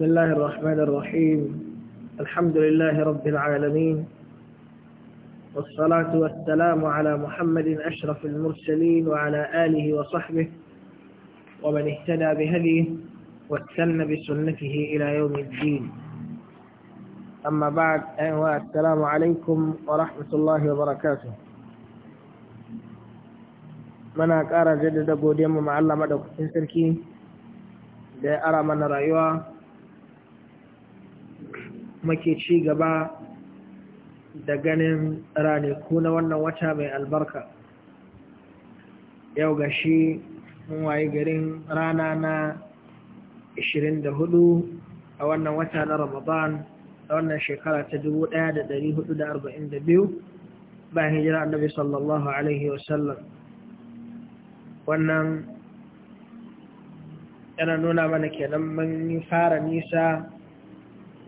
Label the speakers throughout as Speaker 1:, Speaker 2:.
Speaker 1: بسم الله الرحمن الرحيم الحمد لله رب العالمين والصلاة والسلام على محمد أشرف المرسلين وعلى آله وصحبه ومن اهتدى بهديه واتسن بسنته إلى يوم الدين أما بعد أيها السلام عليكم ورحمة الله وبركاته من أكار جدد godiyarmu ma Allah madaukakin sarki da ya ara muke ci gaba da ganin ranaku na wannan wata mai albarka yau ga shi waye garin rana na 24 a wannan wata na ramadan a wannan shekara ta 1442 bayan hijira annabi sallallahu alaihi wasallam wannan yana nuna mana kenan mun fara nisa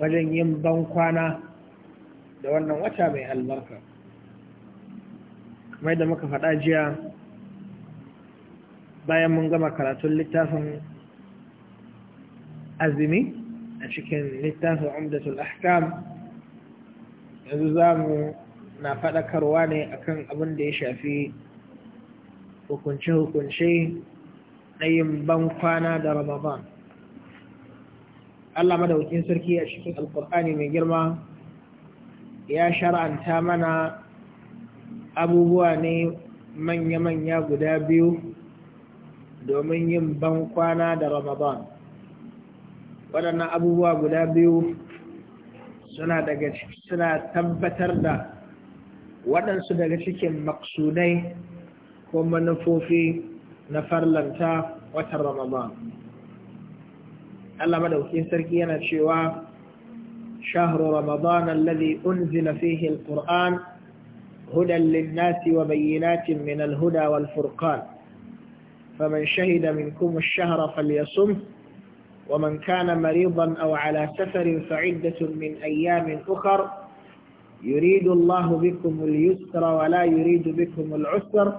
Speaker 1: wajen yin bankwana da wannan wata mai albarka kamar da muka faɗa jiya bayan mun gama karatun littafin azumi a cikin littafin umdatul ahkam yanzu za mu na faɗakarwa ne akan abin da ya shafi hukunce-hukunce na yin kwana da ramadan Allah madaukin sarki a cikin alkur'ani mai girma ya shara'anta mana abubuwa ne manya-manya guda biyu domin yin ban kwana da ramadan waɗannan abubuwa guda biyu suna daga suna tabbatar da waɗansu daga cikin maksudai ko manufofi na farlanta watan ramadan Allah madaukakin sarki yana cewa shahru ramadan alladhi unzila fihi alquran hudan lin-nasi wa bayyinatin min al-huda wal-furqan faman shahida minkum ash-shahra falyasum ومن كان مريضا أو على سفر فعدة من أيام أخر يريد الله بكم اليسر ولا يريد بكم العسر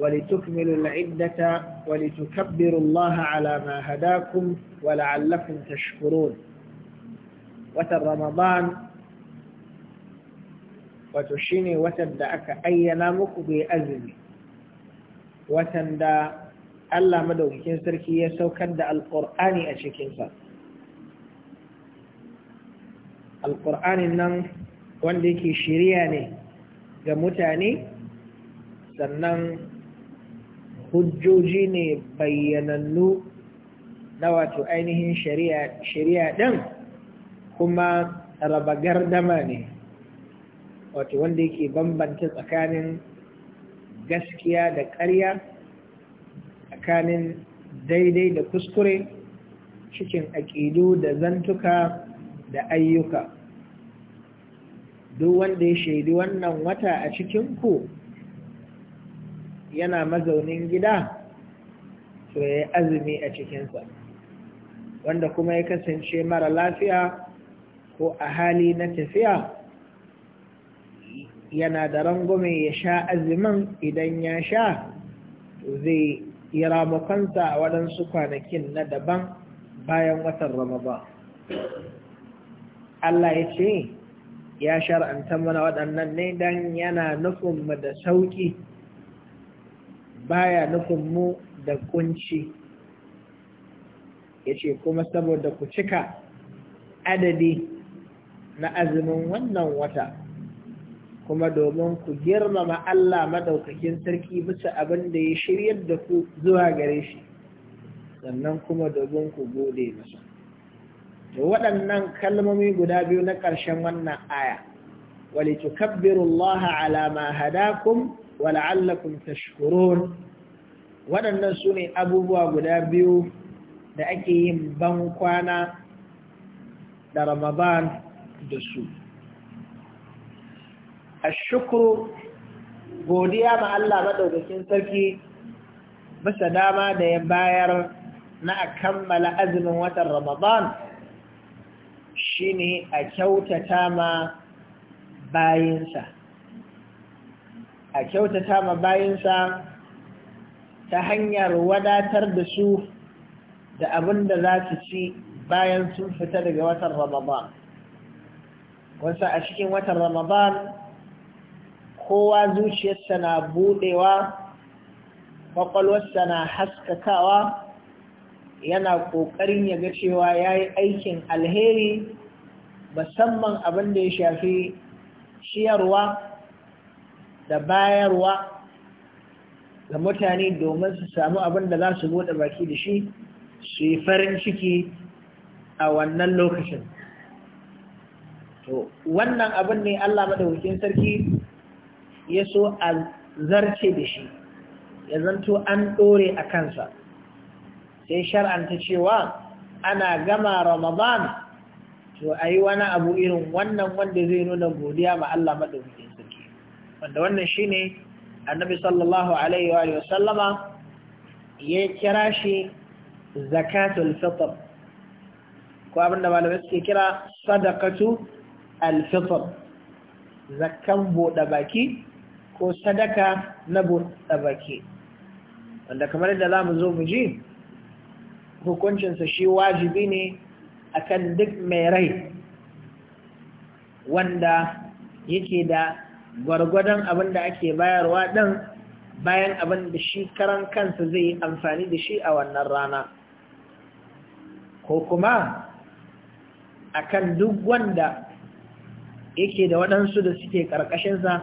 Speaker 1: ولتكمل العدة ولتكبر الله على ما هداكم ولعلكم تشكرون وتر رمضان وتشيني وتبدا اكا اي نامك بأذني وتندا الا مدوك كين سركي يسو كد القران اشكين سر القران النم وندي كي شيرياني جموتاني سنن hujjoji ne bayyanannu na wato ainihin shari'a ɗin kuma raba gardama ne wato wanda yake bambanta tsakanin gaskiya da ƙarya tsakanin daidai da kuskure cikin aƙidu da zantuka da ayyuka duk wanda ya shaidi wannan wata a cikinku yana mazaunin gida to ya azumi a cikinsa wanda kuma ya kasance mara lafiya ko a hali na tafiya yana da rangume ya sha azumin idan ya sha to zai yi ramukansa a waɗansu kwanakin na daban bayan watan ramadan Allah ya ce ya shar'anta mana waɗannan ne don yana nufinmu da sauƙi baya nufin mu da kunci ya ce, kuma saboda ku cika adadi na azumin wannan wata kuma domin ku girmama Allah madaukakin sarki bisa abin da ya shiryar da ku zuwa gare shi sannan kuma domin ku gode masa da waɗannan kalmomi guda biyu na ƙarshen wannan aya wali tukabbiru Allah ala ma hadakum wala'allakum tashkurun waɗannan su ne abubuwa guda biyu da ake yin ban kwana da ramadan da su a shukuru godiya ma Allah maɗaukakin sarki bisa dama da ya bayar na a kammala azumin watan ramadan shine a kyautata ma bayinsa a kyautata ma bayinsa ta hanyar wadatar da su da abin da za su ci bayan sun fita daga watan Ramadan. Wasu a cikin watan Ramadan kowa zuciyarsa na budewa, kwakwalwarsa na haskakawa, yana ƙoƙarin ya ga cewa ya yi aikin alheri musamman abin da ya shafi shiyarwa da bayarwa ga mutane domin su samu abin da za su buɗe baki da shi su yi farin ciki a wannan lokacin to wannan abin ne Allah madaukakin sarki ya so a zarce da shi ya zanto an ɗore a kansa sai shar'anta cewa ana gama ramadan to a yi wani abu irin wannan wanda zai nuna godiya ma Allah maɗauki wanda wannan shi shine annabi sallallahu alaihi wa sallama ya kira shi zakatul fitr ko abinda malamai suke kira sadakatu al Zakan buɗa baki ko sadaka na buɗa baki wanda kamar yadda za mu zo mu ji hukuncinsa shi wajibi ne akan duk mai rai wanda yake da gwargwadon abin da ake bayarwa ɗin bayan abin da shi karan kansa zai yi amfani da shi a wannan rana ko kuma a kan duk wanda yake da waɗansu da suke ƙarƙashinsa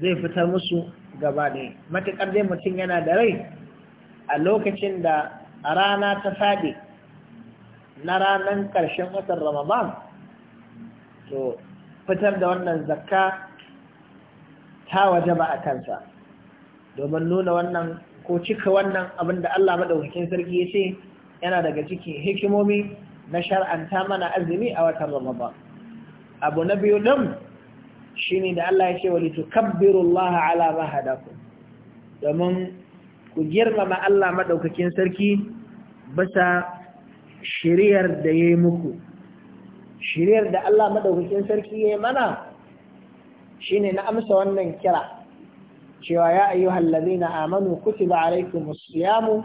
Speaker 1: zai fitar musu gaba ne. matuƙar dai mutum yana da rai a lokacin da rana ta faɗi na ranar ƙarshen watan ramadan to fitar da wannan zakka ta waje ba a kansa domin nuna wannan ko cika wannan abin da Allah maɗaukakin sarki ya ce yana daga cikin hikimomi na shar'anta mana azumi a watan Ramadan abu na biyu din shine da Allah ya ce wa litukabbirullaha ala ma hadakum domin ku girmama Allah maɗaukakin sarki bisa shiriyar da yayi muku shiriyar da Allah maɗaukakin sarki yayi mana shine na amsa wannan kira cewa ya ayyuhal na amanu kutiba alaykumus siyamu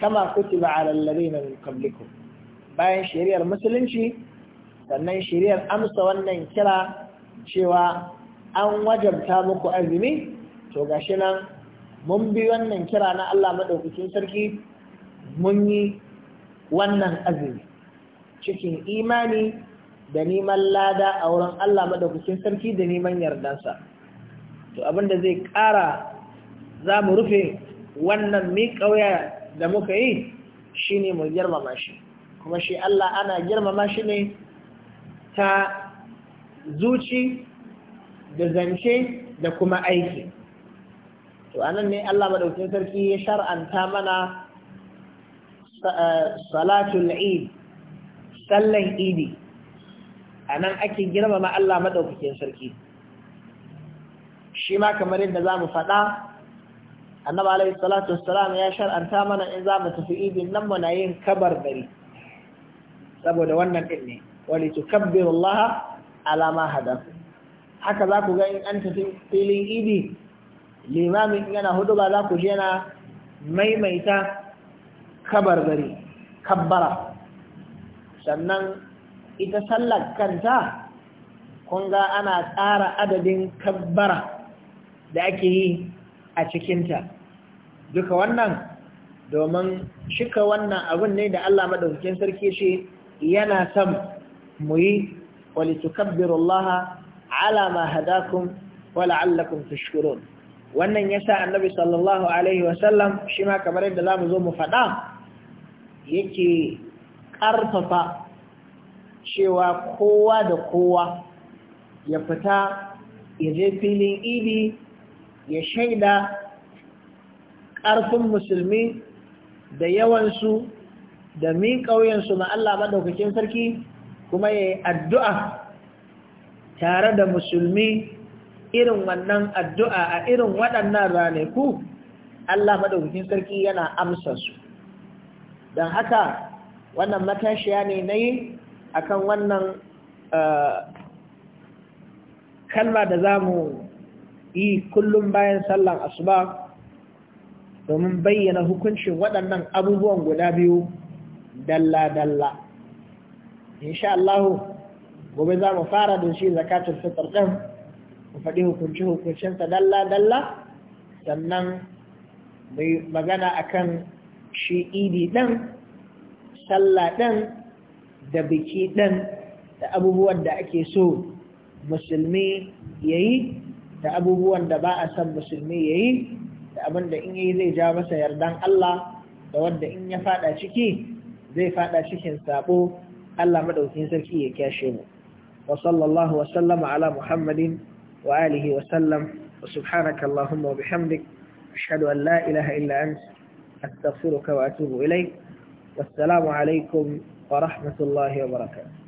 Speaker 1: kama kutiba alal ladina min bayan shiriyar musulunci sannan shari'ar amsa wannan kira cewa an wajabta muku azumi to gashi nan mun bi wannan kira na Allah maɗaukacin sarki mun yi wannan azumi cikin imani da neman lada a wurin Allah madaukakin sarki da neman yardansa to abin zai ƙara za mu rufe wannan mai wuya da muka yi shi ne mu girmama shi kuma shi Allah ana girmama shi ne ta zuci da zance da kuma aiki to anan ne Allah madaukakin sarki ya shar'anta mana eh, salatul eid sallan idi a nan ake girmama Allah maɗaukakin sarki shi ma kamar yadda za mu faɗa annaba alaihi salatu wassalam ya shar'anta mana in za mu tafi idin nan muna yin kabar gari saboda wannan ɗin ne wali tukabbiru Allah ala ma hadaku haka za ku ga in an tafi filin idi limamin yana hudu ba za ku je na maimaita kabar gari kabbara sannan ita sallar kanta kunga ana tsara adadin kabbara da ake yi a cikinta duka wannan domin shika wannan abin ne da Allah madaukakin sarki shi yana son mu yi walitukabbirullaha ala ma hadakum wa la'allakum tashkurun wannan yasa annabi sallallahu alaihi wa sallam shi ma kamar yadda zamu zo mu faɗa yake ƙarfafa cewa kowa da kowa ya fita ya je filin idi ya shaida ƙarfin musulmi da yawansu da min ƙauyensu na Allah maɗaukakin sarki kuma ya yi addu'a tare da musulmi irin wannan addu'a a irin waɗannan ranaku Allah maɗaukakin sarki yana amsa su don haka wannan matashiya ne na yi akan wannan eh, kalma da za mu yi kullum bayan sallan asuba domin bayyana hukuncin waɗannan abubuwan guda biyu dalla-dalla insha gobe za mu fara da shi zakatun fitar ɗin mu faɗi hukunci-hukuncinsa dalla-dalla sannan mai magana akan shi idi ɗin sallah ɗin da biki ɗin da abubuwan da ake so musulmi ya yi da abubuwan da ba a son musulmi ya yi da abin da in yi zai ja masa yardan Allah da wanda in ya fada ciki zai fada cikin sabo Allah madaukin sarki ya kyashe mu wa sallallahu wa sallama ala muhammadin wa alihi wa sallam wa subhanaka allahumma wa bihamdik ashhadu an la ilaha illa ant astaghfiruka wa atubu ilayk alaikum ورحمة الله وبركاته